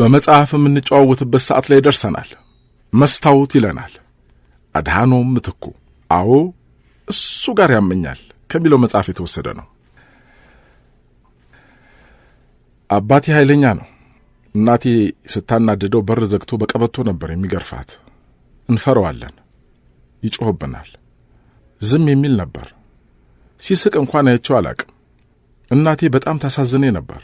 በመጽሐፍ የምንጨዋወትበት ሰዓት ላይ ደርሰናል። መስታወት ይለናል አድሃኖም ምትኩ። አዎ እሱ ጋር ያመኛል ከሚለው መጽሐፍ የተወሰደ ነው። አባቴ ኃይለኛ ነው። እናቴ ስታናድደው በር ዘግቶ በቀበቶ ነበር የሚገርፋት። እንፈረዋለን፣ ይጮህብናል። ዝም የሚል ነበር። ሲስቅ እንኳን አያቸው አላቅም። እናቴ በጣም ታሳዝኔ ነበር።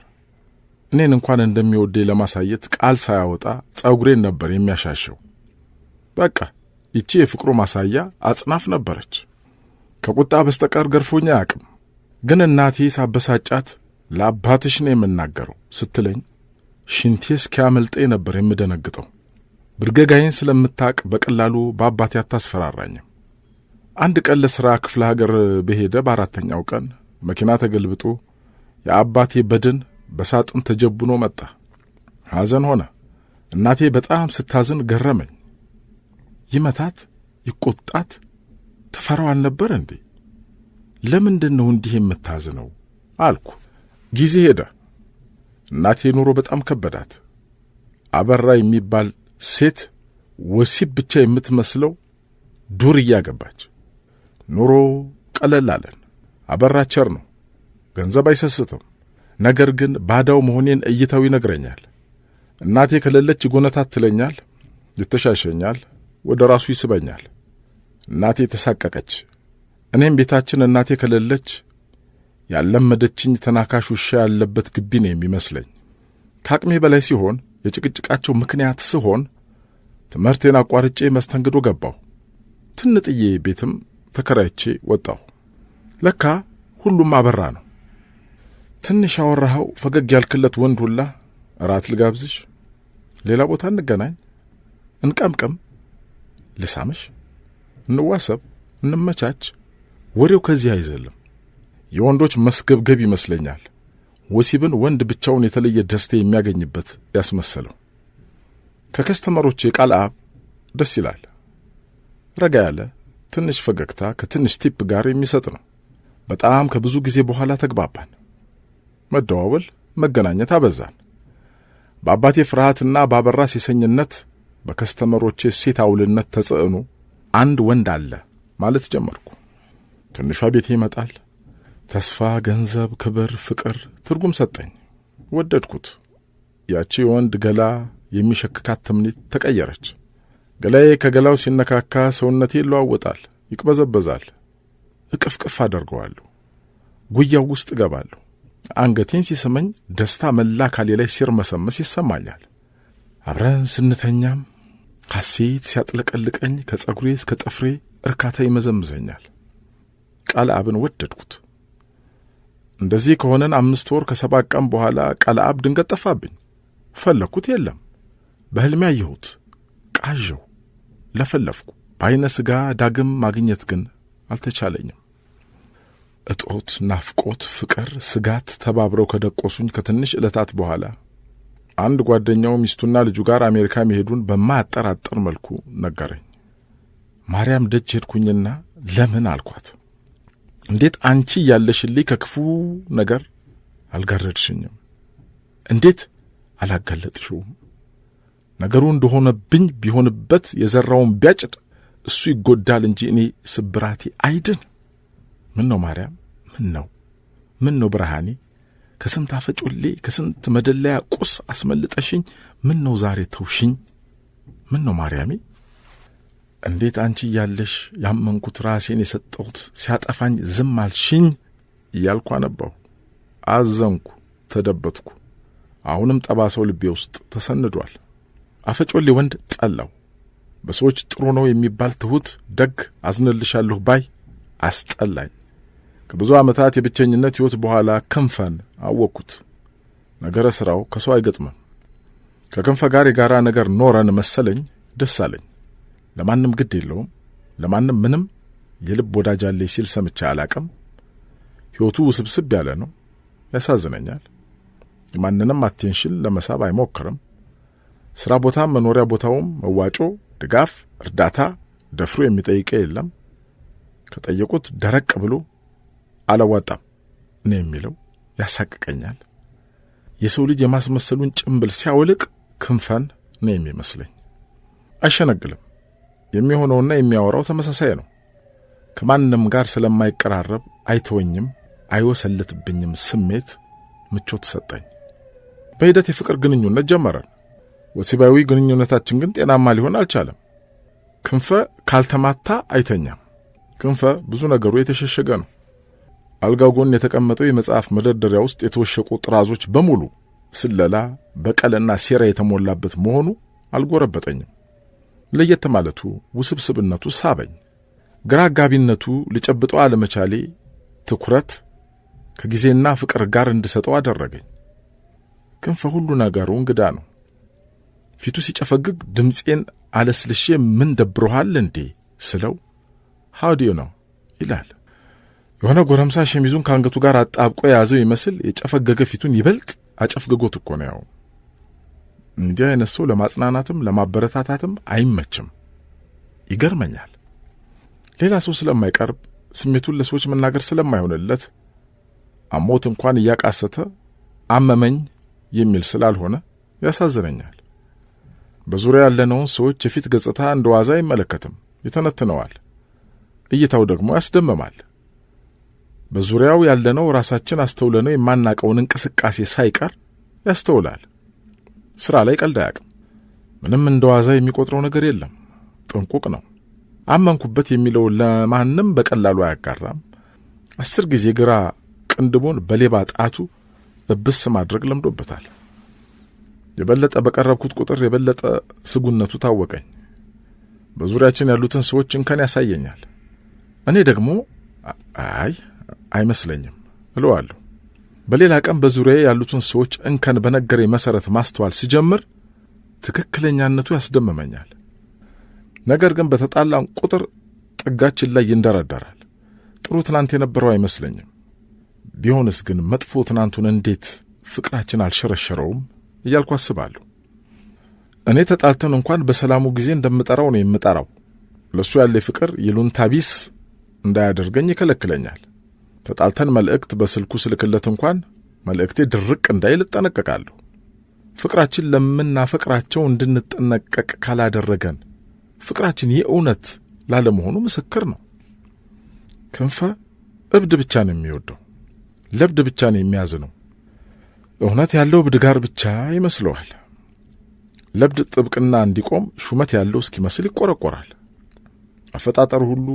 እኔን እንኳን እንደሚወደኝ ለማሳየት ቃል ሳያወጣ ጸጉሬን ነበር የሚያሻሸው። በቃ ይቺ የፍቅሩ ማሳያ አጽናፍ ነበረች። ከቁጣ በስተቀር ገርፎኝ አያውቅም። ግን እናቴ ሳበሳጫት ለአባትሽ ነው የምናገረው ስትለኝ ሽንቴ እስኪያመልጤ ነበር የምደነግጠው። ብርገጋዬን ስለምታውቅ በቀላሉ በአባቴ አታስፈራራኝም። አንድ ቀን ለሥራ ክፍለ ሀገር በሄደ በአራተኛው ቀን መኪና ተገልብጦ የአባቴ በድን በሳጥን ተጀብኖ መጣ። ሐዘን ሆነ። እናቴ በጣም ስታዝን ገረመኝ። ይመታት፣ ይቆጣት፣ ትፈራው አልነበር እንዴ? ለምንድን ነው እንዲህ የምታዝነው አልኩ። ጊዜ ሄደ። እናቴ ኑሮ በጣም ከበዳት። አበራ የሚባል ሴት ወሲብ ብቻ የምትመስለው ዱር እያገባች ኑሮ ቀለል አለን። አበራ ቸር ነው፣ ገንዘብ አይሰስትም። ነገር ግን ባዳው መሆኔን እይታው ይነግረኛል። እናቴ ከሌለች ይጎነታትለኛል፣ ይተሻሸኛል፣ ወደ ራሱ ይስበኛል። እናቴ ተሳቀቀች። እኔም ቤታችን እናቴ ከሌለች ያለመደችኝ ተናካሽ ውሻ ያለበት ግቢ ነው የሚመስለኝ። ከአቅሜ በላይ ሲሆን የጭቅጭቃቸው ምክንያት ስሆን ትምህርቴን አቋርጬ መስተንግዶ ገባሁ። ትንጥዬ ቤትም ተከራይቼ ወጣሁ። ለካ ሁሉም አበራ ነው። ትንሽ ያወራኸው ፈገግ ያልክለት ወንድ ሁላ እራት ልጋብዝሽ፣ ሌላ ቦታ እንገናኝ፣ እንቀምቅም፣ ልሳምሽ፣ እንዋሰብ፣ እንመቻች፣ ወሬው ከዚህ አይዘልም። የወንዶች መስገብገብ ይመስለኛል ወሲብን ወንድ ብቻውን የተለየ ደስታ የሚያገኝበት ያስመሰለው። ከከስተመሮች የቃል አብ ደስ ይላል። ረጋ ያለ ትንሽ ፈገግታ ከትንሽ ቲፕ ጋር የሚሰጥ ነው። በጣም ከብዙ ጊዜ በኋላ ተግባባን። መደዋወል፣ መገናኘት አበዛን። በአባቴ ፍርሃትና ባበራ ሴሰኝነት በከስተመሮቼ ሴት አውልነት ተጽዕኖ አንድ ወንድ አለ ማለት ጀመርኩ። ትንሿ ቤቴ ይመጣል። ተስፋ፣ ገንዘብ፣ ክብር፣ ፍቅር ትርጉም ሰጠኝ። ወደድኩት። ያቺ የወንድ ገላ የሚሸክካት ትምኒት ተቀየረች። ገላዬ ከገላው ሲነካካ ሰውነቴ ይለዋወጣል፣ ይቅበዘበዛል። እቅፍቅፍ አደርገዋለሁ። ጉያው ውስጥ እገባለሁ። አንገቴን ሲስመኝ ደስታ መላ ካሌ ላይ ሲርመሰመስ ይሰማኛል። አብረን ስንተኛም ሐሴት ሲያጥለቀልቀኝ ከጸጉሬ እስከ ጥፍሬ እርካታ ይመዘምዘኛል። አብን ወደድኩት። እንደዚህ ከሆነን አምስት ወር ከሰባት ቀን በኋላ አብ ድንገት ጠፋብኝ። ፈለግኩት፣ የለም። በሕልሜ አየሁት፣ ቃዠው፣ ለፈለፍኩ። በዐይነ ሥጋ ዳግም ማግኘት ግን አልተቻለኝም። እጦት፣ ናፍቆት፣ ፍቅር፣ ስጋት ተባብረው ከደቆሱኝ ከትንሽ ዕለታት በኋላ አንድ ጓደኛው ሚስቱና ልጁ ጋር አሜሪካ መሄዱን በማያጠራጥር መልኩ ነገረኝ። ማርያም ደጅ ሄድኩኝና ለምን አልኳት። እንዴት አንቺ ያለሽልኝ ከክፉ ነገር አልጋረድሽኝም? እንዴት አላጋለጥሽውም? ነገሩ እንደሆነብኝ ቢሆንበት የዘራውን ቢያጭድ እሱ ይጎዳል እንጂ እኔ ስብራቴ አይድን። ምን ነው ማርያም፣ ምን ነው ምን ነው ብርሃኔ፣ ከስንት አፈጮሌ ከስንት መደለያ ቁስ አስመልጠሽኝ፣ ምን ነው ዛሬ ተውሽኝ፣ ምን ነው ማርያሜ እንዴት አንቺ እያለሽ ያመንኩት ራሴን የሰጠሁት ሲያጠፋኝ ዝም አልሽኝ እያልኩ አነባሁ። አዘንኩ፣ ተደበትኩ። አሁንም ጠባሰው ልቤ ውስጥ ተሰንዷል። አፈጮሌ ወንድ ጠላው። በሰዎች ጥሩ ነው የሚባል ትሑት፣ ደግ፣ አዝንልሻለሁ ባይ አስጠላኝ። ከብዙ ዓመታት የብቸኝነት ሕይወት በኋላ ክንፈን አወቅኩት። ነገረ ሥራው ከሰው አይገጥምም። ከክንፈ ጋር የጋራ ነገር ኖረን መሰለኝ ደስ አለኝ። ለማንም ግድ የለውም፣ ለማንም ምንም የልብ ወዳጅ አለኝ ሲል ሰምቼ አላቅም። ሕይወቱ ውስብስብ ያለ ነው፣ ያሳዝነኛል። የማንንም አቴንሽን ለመሳብ አይሞክርም። ሥራ ቦታም መኖሪያ ቦታውም መዋጮ፣ ድጋፍ፣ እርዳታ ደፍሮ የሚጠይቀ የለም። ከጠየቁት ደረቅ ብሎ አላዋጣም ነው የሚለው። ያሳቅቀኛል። የሰው ልጅ የማስመሰሉን ጭምብል ሲያውልቅ ክንፈን ነው የሚመስለኝ። አይሸነግልም። የሚሆነውና የሚያወራው ተመሳሳይ ነው። ከማንም ጋር ስለማይቀራረብ አይተወኝም፣ አይወሰልትብኝም ስሜት ምቾት ሰጠኝ። በሂደት የፍቅር ግንኙነት ጀመረን። ወሲባዊ ግንኙነታችን ግን ጤናማ ሊሆን አልቻለም። ክንፈ ካልተማታ አይተኛም። ክንፈ ብዙ ነገሩ የተሸሸገ ነው። አልጋው ጎን የተቀመጠው የመጽሐፍ መደርደሪያ ውስጥ የተወሸቁ ጥራዞች በሙሉ ስለላ፣ በቀለና ሴራ የተሞላበት መሆኑ አልጎረበጠኝም። ለየት ማለቱ፣ ውስብስብነቱ ሳበኝ። ግራ አጋቢነቱ፣ ልጨብጠው አለመቻሌ ትኩረት ከጊዜና ፍቅር ጋር እንድሰጠው አደረገኝ። ክንፈ ሁሉ ነገሩ እንግዳ ነው። ፊቱ ሲጨፈግግ ድምፄን አለስልሼ ምን ደብሮሃል እንዴ ስለው ሃውዲው ነው ይላል። የሆነ ጎረምሳ ሸሚዙን ከአንገቱ ጋር አጣብቆ የያዘው ይመስል የጨፈገገ ፊቱን ይበልጥ አጨፍግጎት እኮ ነው። ያው እንዲህ አይነት ሰው ለማጽናናትም ለማበረታታትም አይመችም። ይገርመኛል። ሌላ ሰው ስለማይቀርብ ስሜቱን ለሰዎች መናገር ስለማይሆንለት አሞት እንኳን እያቃሰተ አመመኝ የሚል ስላልሆነ ያሳዝነኛል። በዙሪያ ያለነውን ሰዎች የፊት ገጽታ እንደ ዋዛ አይመለከትም፣ ይተነትነዋል። እይታው ደግሞ ያስደምማል። በዙሪያው ያለነው ራሳችን አስተውለነው የማናቀውን እንቅስቃሴ ሳይቀር ያስተውላል። ሥራ ላይ ቀልድ አያውቅም። ምንም እንደ ዋዛ የሚቆጥረው ነገር የለም። ጥንቁቅ ነው። አመንኩበት የሚለው ለማንም በቀላሉ አያጋራም። አስር ጊዜ ግራ ቅንድቦን በሌባ ጣቱ እብስ ማድረግ ለምዶበታል። የበለጠ በቀረብኩት ቁጥር የበለጠ ስጉነቱ ታወቀኝ። በዙሪያችን ያሉትን ሰዎች እንከን ያሳየኛል። እኔ ደግሞ አይ አይመስለኝም እለዋለሁ። በሌላ ቀን በዙሪያ ያሉትን ሰዎች እንከን በነገሬ መሠረት ማስተዋል ሲጀምር ትክክለኛነቱ ያስደምመኛል። ነገር ግን በተጣላን ቁጥር ጥጋችን ላይ ይንደረደራል። ጥሩ ትናንት የነበረው አይመስለኝም። ቢሆንስ ግን መጥፎ ትናንቱን እንዴት ፍቅራችን አልሸረሸረውም እያልኩ አስባለሁ። እኔ ተጣልተን እንኳን በሰላሙ ጊዜ እንደምጠራው ነው የምጠራው። ለእሱ ያለ ፍቅር ይሉንታ ቢስ እንዳያደርገኝ ይከለክለኛል። ተጣልተን መልእክት በስልኩ ስልክለት እንኳን መልእክቴ ድርቅ እንዳይል እጠነቀቃለሁ። ፍቅራችን ለምናፈቅራቸው እንድንጠነቀቅ ካላደረገን ፍቅራችን የእውነት ላለመሆኑ ምስክር ነው። ክንፈ እብድ ብቻ ነው የሚወደው፣ ለብድ ብቻ ነው የሚያዝነው። እውነት ያለው እብድ ጋር ብቻ ይመስለዋል። ለብድ ጥብቅና እንዲቆም ሹመት ያለው እስኪመስል ይቆረቆራል። አፈጣጠሩ ሁሉ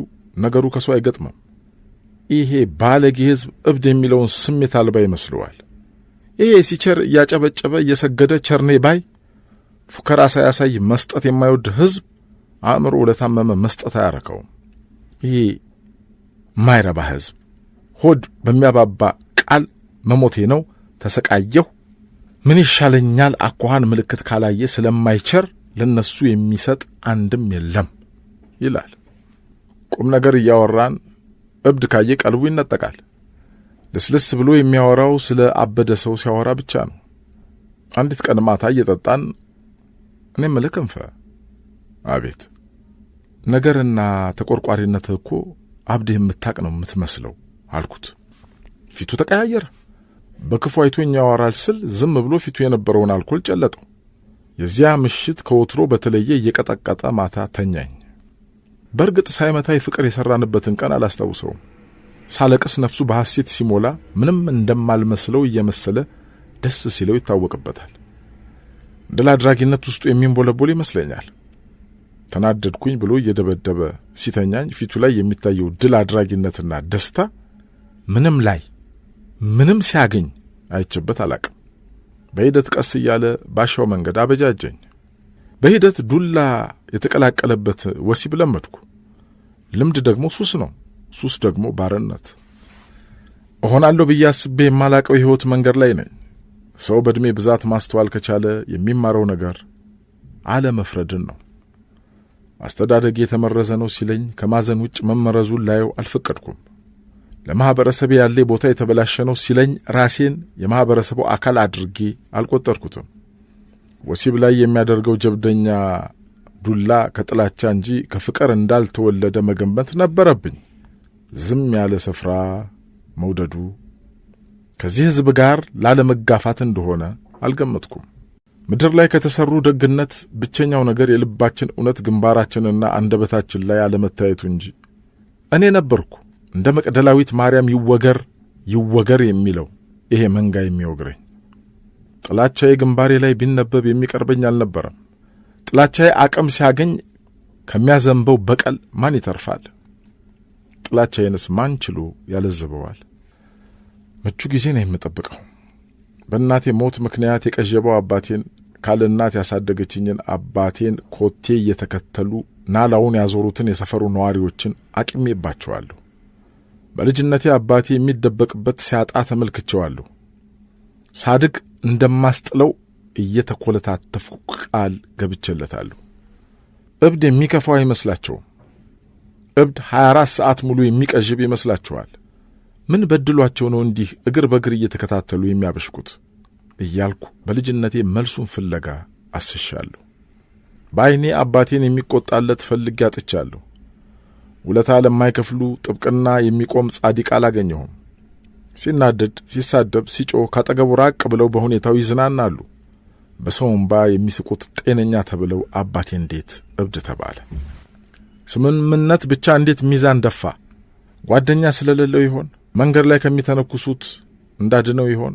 ነገሩ ከሰው አይገጥምም። ይሄ ባለጌ ሕዝብ እብድ የሚለውን ስሜት አልባ ይመስለዋል። ይሄ ሲቸር እያጨበጨበ እየሰገደ ቸርኔ ባይ ፉከራ ሳያሳይ መስጠት የማይወድ ሕዝብ አእምሮ ለታመመ መስጠት አያረከውም። ይሄ ማይረባ ሕዝብ ሆድ በሚያባባ ቃል መሞቴ ነው ተሰቃየሁ፣ ምን ይሻለኛል አኳኋን ምልክት ካላየ ስለማይቸር ለነሱ የሚሰጥ አንድም የለም ይላል። ቁም ነገር እያወራን እብድ ካየ ቀልቡ ይነጠቃል። ልስልስ ብሎ የሚያወራው ስለ አበደ ሰው ሲያወራ ብቻ ነው። አንዲት ቀን ማታ እየጠጣን እኔ ምልህ ክንፈ፣ አቤት ነገርና ተቆርቋሪነት እኮ አብድህ የምታቅ ነው የምትመስለው አልኩት። ፊቱ ተቀያየረ። በክፉ አይቶኝ ያወራል ስል ዝም ብሎ ፊቱ የነበረውን አልኮል ጨለጠው። የዚያ ምሽት ከወትሮ በተለየ እየቀጠቀጠ ማታ ተኛኝ። በእርግጥ ሳይመታይ ፍቅር የሰራንበትን ቀን አላስታውሰውም። ሳለቅስ ነፍሱ በሐሴት ሲሞላ ምንም እንደማልመስለው እየመሰለ ደስ ሲለው ይታወቅበታል። ድል አድራጊነት ውስጡ የሚንቦለቦል ይመስለኛል። ተናደድኩኝ ብሎ እየደበደበ ሲተኛኝ ፊቱ ላይ የሚታየው ድል አድራጊነትና ደስታ ምንም ላይ ምንም ሲያገኝ አይችበት አላቅም። በሂደት ቀስ እያለ ባሻው መንገድ አበጃጀኝ። በሂደት ዱላ የተቀላቀለበት ወሲብ ለመድኩ። ልምድ ደግሞ ሱስ ነው። ሱስ ደግሞ ባርነት። እሆናለሁ ብዬ አስቤ የማላቀው የሕይወት መንገድ ላይ ነኝ። ሰው በዕድሜ ብዛት ማስተዋል ከቻለ የሚማረው ነገር አለመፍረድን ነው። አስተዳደግ የተመረዘ ነው ሲለኝ ከማዘን ውጭ መመረዙን ላየው አልፈቀድኩም። ለማኅበረሰብ ያለ ቦታ የተበላሸ ነው ሲለኝ ራሴን የማኅበረሰቡ አካል አድርጌ አልቆጠርኩትም። ወሲብ ላይ የሚያደርገው ጀብደኛ ዱላ ከጥላቻ እንጂ ከፍቅር እንዳልተወለደ መገንበት ነበረብኝ። ዝም ያለ ስፍራ መውደዱ ከዚህ ሕዝብ ጋር ላለመጋፋት እንደሆነ አልገመትኩም። ምድር ላይ ከተሰሩ ደግነት ብቸኛው ነገር የልባችን እውነት ግንባራችንና አንደበታችን ላይ አለመታየቱ እንጂ እኔ ነበርኩ እንደ መቅደላዊት ማርያም ይወገር ይወገር የሚለው ይሄ መንጋ የሚወግረኝ። ጥላቻዬ ግንባሬ ላይ ቢነበብ የሚቀርበኝ አልነበረም። ጥላቻዬ አቅም ሲያገኝ ከሚያዘንበው በቀል ማን ይተርፋል? ጥላቻዬንስ ማን ችሎ ያለዝበዋል? ምቹ ጊዜ ነው የምጠብቀው። በእናቴ ሞት ምክንያት የቀዠበው አባቴን ካለ እናት ያሳደገችኝን አባቴን ኮቴ እየተከተሉ ናላውን ያዞሩትን የሰፈሩ ነዋሪዎችን አቅሜባቸዋለሁ። በልጅነቴ አባቴ የሚደበቅበት ሲያጣ ተመልክቸዋለሁ። ሳድግ እንደማስጥለው እየተኮለታተፉ ቃል ገብቼለታለሁ። እብድ የሚከፋው አይመስላቸውም። እብድ 24 ሰዓት ሙሉ የሚቀዥብ ይመስላችኋል? ምን በድሏቸው ነው እንዲህ እግር በእግር እየተከታተሉ የሚያበሽኩት? እያልኩ በልጅነቴ መልሱን ፍለጋ አስሻለሁ። በዐይኔ አባቴን የሚቆጣለት ፈልጌ አጥቻለሁ። ውለታ ለማይከፍሉ ጥብቅና የሚቆም ጻዲቅ አላገኘሁም። ሲናደድ፣ ሲሳደብ፣ ሲጮህ ካጠገቡ ራቅ ብለው በሁኔታው ይዝናናሉ። በሰው እምባ የሚስቁት ጤነኛ ተብለው አባቴ እንዴት እብድ ተባለ? ስምምነት ብቻ እንዴት ሚዛን ደፋ? ጓደኛ ስለሌለው ይሆን? መንገድ ላይ ከሚተነኩሱት እንዳድነው ይሆን?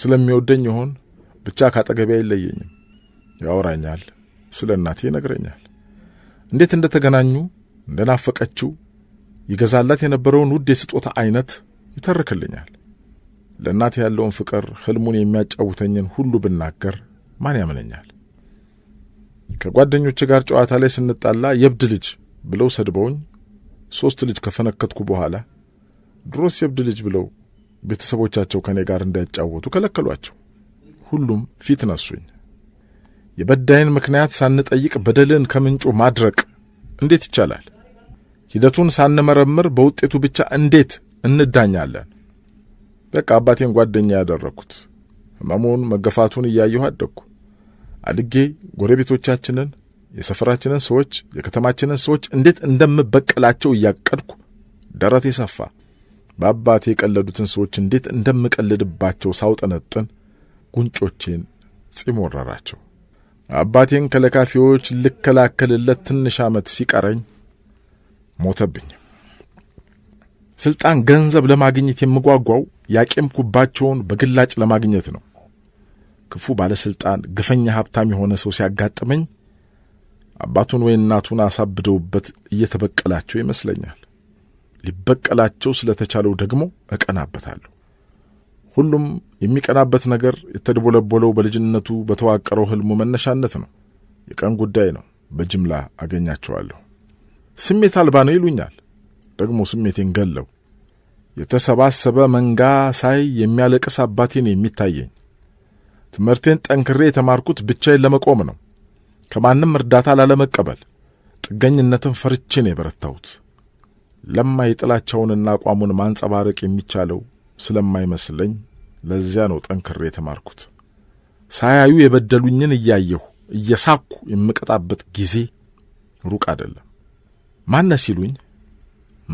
ስለሚወደኝ ይሆን? ብቻ ካጠገቤ አይለየኝም። ያወራኛል፣ ስለ እናቴ ይነግረኛል። እንዴት እንደተገናኙ እንደናፈቀችው ይገዛላት የነበረውን ውድ የስጦታ አይነት ይተርክልኛል። ለእናቴ ያለውን ፍቅር፣ ህልሙን የሚያጫውተኝን ሁሉ ብናገር ማን ያምነኛል? ከጓደኞች ጋር ጨዋታ ላይ ስንጣላ የብድ ልጅ ብለው ሰድበውኝ ሶስት ልጅ ከፈነከትኩ በኋላ ድሮስ የብድ ልጅ ብለው ቤተሰቦቻቸው ከእኔ ጋር እንዳይጫወቱ ከለከሏቸው። ሁሉም ፊት ነሱኝ። የበዳይን ምክንያት ሳንጠይቅ በደልን ከምንጩ ማድረቅ እንዴት ይቻላል? ሂደቱን ሳንመረምር በውጤቱ ብቻ እንዴት እንዳኛለን? በቃ አባቴን ጓደኛ ያደረግኩት፣ ህመሙን መገፋቱን እያየሁ አደግኩ። አድጌ ጎረቤቶቻችንን፣ የሰፈራችንን ሰዎች፣ የከተማችንን ሰዎች እንዴት እንደምበቀላቸው እያቀድኩ ደረቴ ሰፋ። በአባቴ የቀለዱትን ሰዎች እንዴት እንደምቀልድባቸው ሳውጠነጥን ጉንጮቼን ጺም ወረራቸው። አባቴን ከለካፊዎች ልከላከልለት ትንሽ ዓመት ሲቀረኝ ሞተብኝ። ስልጣን፣ ገንዘብ ለማግኘት የምጓጓው ያቄምኩባቸውን በግላጭ ለማግኘት ነው። ክፉ ባለሥልጣን፣ ግፈኛ ሀብታም የሆነ ሰው ሲያጋጥመኝ አባቱን ወይ እናቱን አሳብደውበት እየተበቀላቸው ይመስለኛል። ሊበቀላቸው ስለተቻለው ደግሞ እቀናበታለሁ። ሁሉም የሚቀናበት ነገር የተድቦለቦለው በልጅነቱ በተዋቀረው ሕልሙ መነሻነት ነው። የቀን ጉዳይ ነው። በጅምላ አገኛቸዋለሁ። ስሜት አልባ ነው ይሉኛል። ደግሞ ስሜቴን ገለው የተሰባሰበ መንጋ ሳይ የሚያለቅስ አባቴን የሚታየኝ ትምህርቴን ጠንክሬ የተማርኩት ብቻዬን ለመቆም ነው። ከማንም እርዳታ ላለመቀበል፣ ጥገኝነትን ፈርቼን የበረታሁት ለማ የጥላቻውንና አቋሙን ማንጸባረቅ የሚቻለው ስለማይመስለኝ ለዚያ ነው ጠንክሬ የተማርኩት። ሳያዩ የበደሉኝን እያየሁ እየሳኩ የምቀጣበት ጊዜ ሩቅ አይደለም። ማነ ሲሉኝ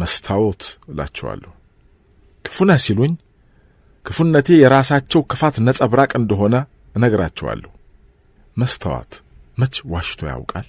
መስታወት እላቸዋለሁ። ክፉነ ሲሉኝ ክፉነቴ የራሳቸው ክፋት ነጸብራቅ እንደሆነ እነግራቸዋለሁ። መስተዋት መች ዋሽቶ ያውቃል?